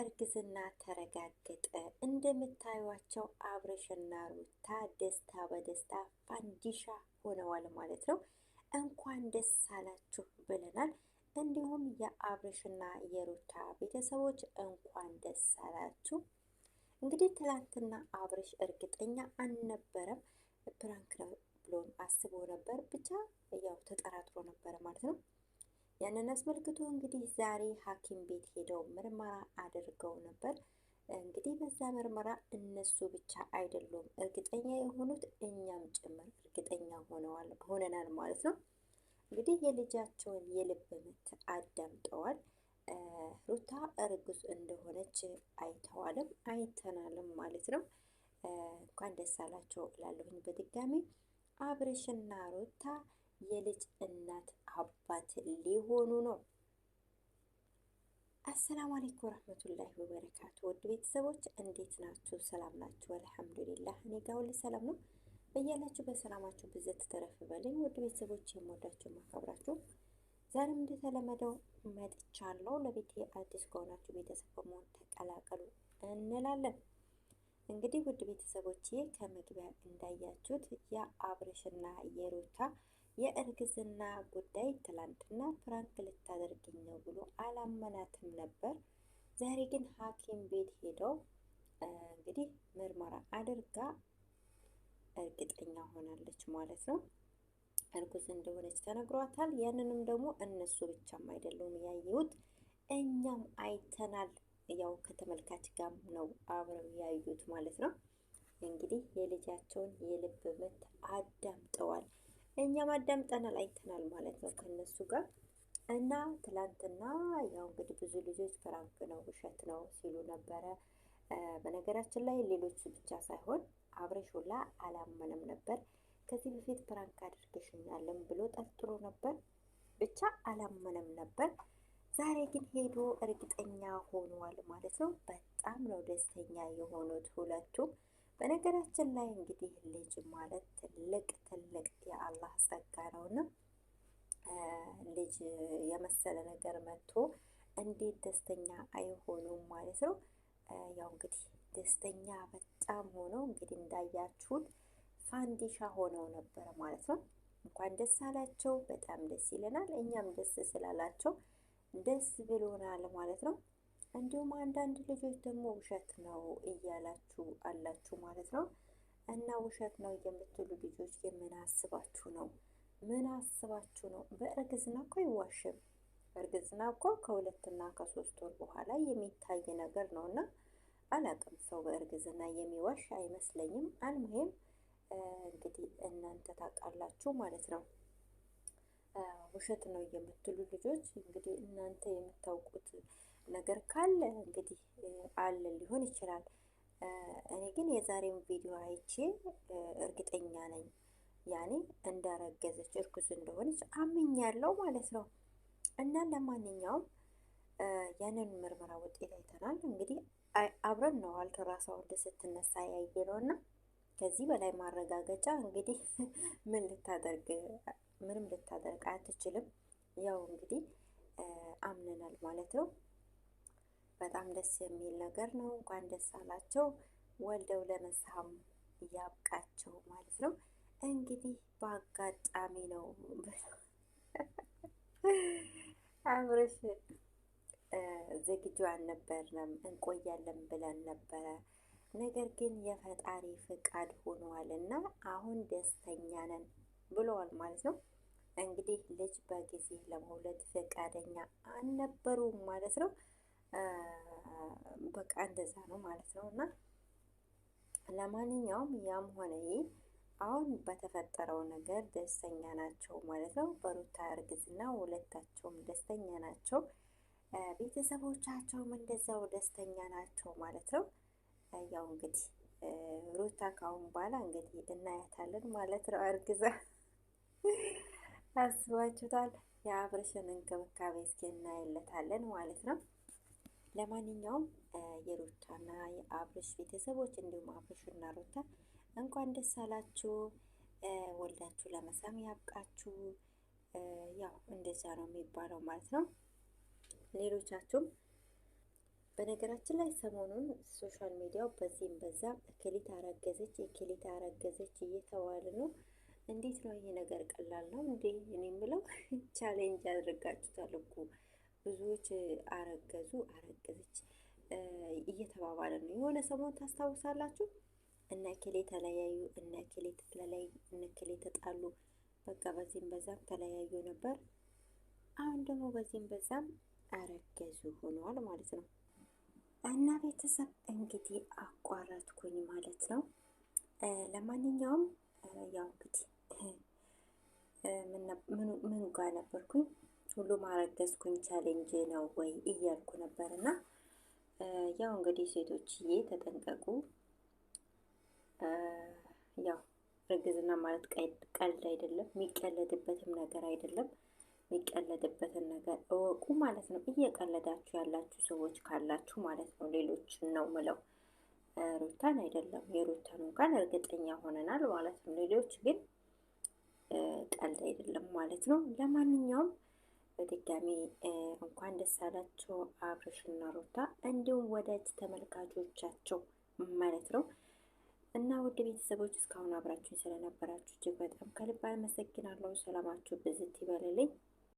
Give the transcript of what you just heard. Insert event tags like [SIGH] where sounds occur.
እርግዝና ተረጋገጠ። እንደምታዩቸው አብረሽና ሩታ ደስታ በደስታ ፋንዲሻ ሆነዋል ማለት ነው። እንኳን ደስ አላችሁ ብለናል። እንዲሁም የአብረሽና የሩታ ቤተሰቦች እንኳን ደስ አላችሁ። እንግዲህ ትላንትና አብረሽ እርግጠኛ አልነበረም። ፕራንክ ነው ብሎም አስቦ ነበር። ብቻ ያው ተጠራጥሮ ነበር ማለት ነው። ያንን አስመልክቶ እንግዲህ ዛሬ ሐኪም ቤት ሄደው ምርመራ አድርገው ነበር። እንግዲህ በዛ ምርመራ እነሱ ብቻ አይደሉም እርግጠኛ የሆኑት እኛም ጭምር እርግጠኛ ሆነዋል ሆነናል ማለት ነው። እንግዲህ የልጃቸውን የልብ ምት አዳምጠዋል። ሩታ እርጉዝ እንደሆነች አይተዋልም አይተናልም ማለት ነው። እንኳን ደስ አላቸው እላለሁኝ በድጋሚ አብርሽና ሩታ የልጅ እናት አባት ሊሆኑ ነው። አሰላሙ አለይኩም ወረህመቱላሂ ወበረካቱ። ውድ ቤተሰቦች እንዴት ናችሁ? ሰላም ናችሁ? አልሐምዱሊላህ እኔ ጋር ሁሉ ሰላም ነው። በያላችሁ በሰላማችሁ ብዘት ተረፍ በለኝ። ውድ ቤተሰቦች የምወዳችሁ ማከብራችሁ፣ ዛሬም እንደተለመደው መጥቻለሁ። ለቤት አዲስ ከሆናችሁ ቤተሰብ በመሆን ተቀላቀሉ እንላለን። እንግዲህ ውድ ቤተሰቦች ከመግቢያ እንዳያችሁት የአብርሽና የሩታ የእርግዝና ጉዳይ ትላንትና ፍራንክ ልታደርግኝ ነው ብሎ አላመናትም ነበር። ዛሬ ግን ሐኪም ቤት ሄደው እንግዲህ ምርመራ አድርጋ እርግጠኛ ሆናለች ማለት ነው። እርጉዝ እንደሆነች ተነግሯታል። ያንንም ደግሞ እነሱ ብቻም አይደለውም ያየሁት እኛም አይተናል። ያው ከተመልካች ጋር ነው አብረው ያዩት ማለት ነው። እንግዲህ የልጃቸውን የልብ ምት አዳምጠዋል። እኛም አዳምጠናል አይተናል ማለት ነው ከነሱ ጋር እና ትላንትና ያው እንግዲህ ብዙ ልጆች ፕራንክ ነው ውሸት ነው ሲሉ ነበረ። በነገራችን ላይ ሌሎቹ ብቻ ሳይሆን አብረሽ ሁላ አላመነም ነበር። ከዚህ በፊት ፕራንክ አድርገሽኛለን ብሎ ጠርጥሮ ነበር፣ ብቻ አላመነም ነበር። ዛሬ ግን ሄዶ እርግጠኛ ሆኗል ማለት ነው። በጣም ነው ደስተኛ የሆኑት ሁለቱም። በነገራችን ላይ እንግዲህ ልጅ ማለት ትልቅ ትልቅ የአላህ ጸጋ ነውና ልጅ የመሰለ ነገር መጥቶ እንዴት ደስተኛ አይሆኑም ማለት ነው። ያው እንግዲህ ደስተኛ በጣም ሆነው እንግዲህ እንዳያችሁን ፋንዲሻ ሆነው ነበረ ማለት ነው። እንኳን ደስ አላቸው። በጣም ደስ ይለናል። እኛም ደስ ስላላቸው ደስ ብሎናል ማለት ነው። እንዲሁም አንዳንድ ልጆች ደግሞ ውሸት ነው እያላችሁ አላችሁ ማለት ነው። እና ውሸት ነው የምትሉ ልጆች የምን አስባችሁ ነው? ምን አስባችሁ ነው? በእርግዝና እኮ አይዋሽም። እርግዝና እኮ ከሁለትና ከሶስት ወር በኋላ የሚታይ ነገር ነው እና አላቅም ሰው በእርግዝና የሚዋሽ አይመስለኝም። አልሙሄም እንግዲህ እናንተ ታውቃላችሁ ማለት ነው። ውሸት ነው የምትሉ ልጆች እንግዲህ እናንተ የምታውቁት ነገር ካለ እንግዲህ አለ ሊሆን ይችላል። እኔ ግን የዛሬውን ቪዲዮ አይቼ እርግጠኛ ነኝ ያኔ እንዳረገዘች እርጉዝ እንደሆነች አምኛለሁ ማለት ነው። እና ለማንኛውም ያንን ምርመራ ውጤት አይተናል። እንግዲህ አብረን ነው አልትራሷ ስትነሳ ያየ ነው እና ከዚህ በላይ ማረጋገጫ እንግዲህ [LAUGHS] ምን ልታደርግ ምንም ልታደርግ አትችልም። ያው እንግዲህ አምነናል ማለት ነው። በጣም ደስ የሚል ነገር ነው። እንኳን ደስ አላቸው ወልደው ለመሳም ያብቃቸው ማለት ነው። እንግዲህ በአጋጣሚ ነው አብርሽ ዝግጁ አልነበርንም፣ እንቆያለን ብለን ነበረ። ነገር ግን የፈጣሪ ፍቃድ ሆኗል እና አሁን ደስተኛ ነን ብለዋል ማለት ነው። እንግዲህ ልጅ በጊዜ ለመውለድ ፈቃደኛ አልነበሩም ማለት ነው። በቃ እንደዛ ነው ማለት ነው። እና ለማንኛውም ያም ሆነ ይህ አሁን በተፈጠረው ነገር ደስተኛ ናቸው ማለት ነው። በሩታ እርግዝና ሁለታቸውም ደስተኛ ናቸው። ቤተሰቦቻቸውም እንደዛው ደስተኛ ናቸው ማለት ነው። ያው እንግዲህ ሩታ ካሁን በኋላ እንግዲህ እናያታለን ማለት ነው። እርግዛ አስባችሁታል። የአብርሽን እንክብካቤ እስኪ እናያለታለን ማለት ነው። ለማንኛውም የሩታና የአብርሽ ቤተሰቦች እንዲሁም አብርሽና ሩታ እንኳን ደስ አላችሁ፣ ወልዳችሁ ለመሳም ያብቃችሁ። ያው እንደዛ ነው የሚባለው ማለት ነው። ሌሎቻችሁም በነገራችን ላይ ሰሞኑን ሶሻል ሚዲያው በዚህም በዛ ክሊት አረገዘች እክሊት አረገዘች እየተባለ ነው። እንዴት ነው ይሄ ነገር? ቀላል ነው እንዴ? እኔ የምለው [LAUGHS] ቻሌንጅ አድርጋችሁታል እኮ ብዙዎች አረገዙ አረገዘች እየተባባለ ነው። የሆነ ሰሞን ታስታውሳላችሁ፣ እነ እከሌ ተለያዩ፣ እነ እከሌ ተለያዩ፣ እነ እከሌ ተጣሉ፣ በቃ በዚህም በዛም ተለያዩ ነበር። አሁን ደግሞ በዚህም በዛም አረገዙ ሆነዋል ማለት ነው። እና ቤተሰብ እንግዲህ አቋረጥኩኝ ማለት ነው። ለማንኛውም ያው እንግዲህ ምን ጋር ነበርኩኝ? ሁሉ አረገዝኩኝ ቻሌንጅ ነው ወይ እያልኩ ነበር። እና ያው እንግዲህ ሴቶችዬ ተጠንቀቁ። ያው እርግዝና ማለት ቀልድ አይደለም፣ የሚቀለድበትም ነገር አይደለም። የሚቀለድበትን ነገር እወቁ ማለት ነው። እየቀለዳችሁ ያላችሁ ሰዎች ካላችሁ ማለት ነው፣ ሌሎችን ነው ምለው ሩታን አይደለም። የሩታን እንኳን እርግጠኛ ሆነናል ማለት ነው። ሌሎች ግን ቀልድ አይደለም ማለት ነው። ለማንኛውም በድጋሚ እንኳን ደስ አላቸው አብርሽና ሩታ እንዲሁም ወዳጅ ተመልካቾቻቸው ማለት ነው። እና ውድ ቤተሰቦች እስካሁን አብራችሁን ስለነበራችሁ እጅግ በጣም ከልብ አመሰግናለሁ። ሰላማችሁ ብዝት ይበልልኝ።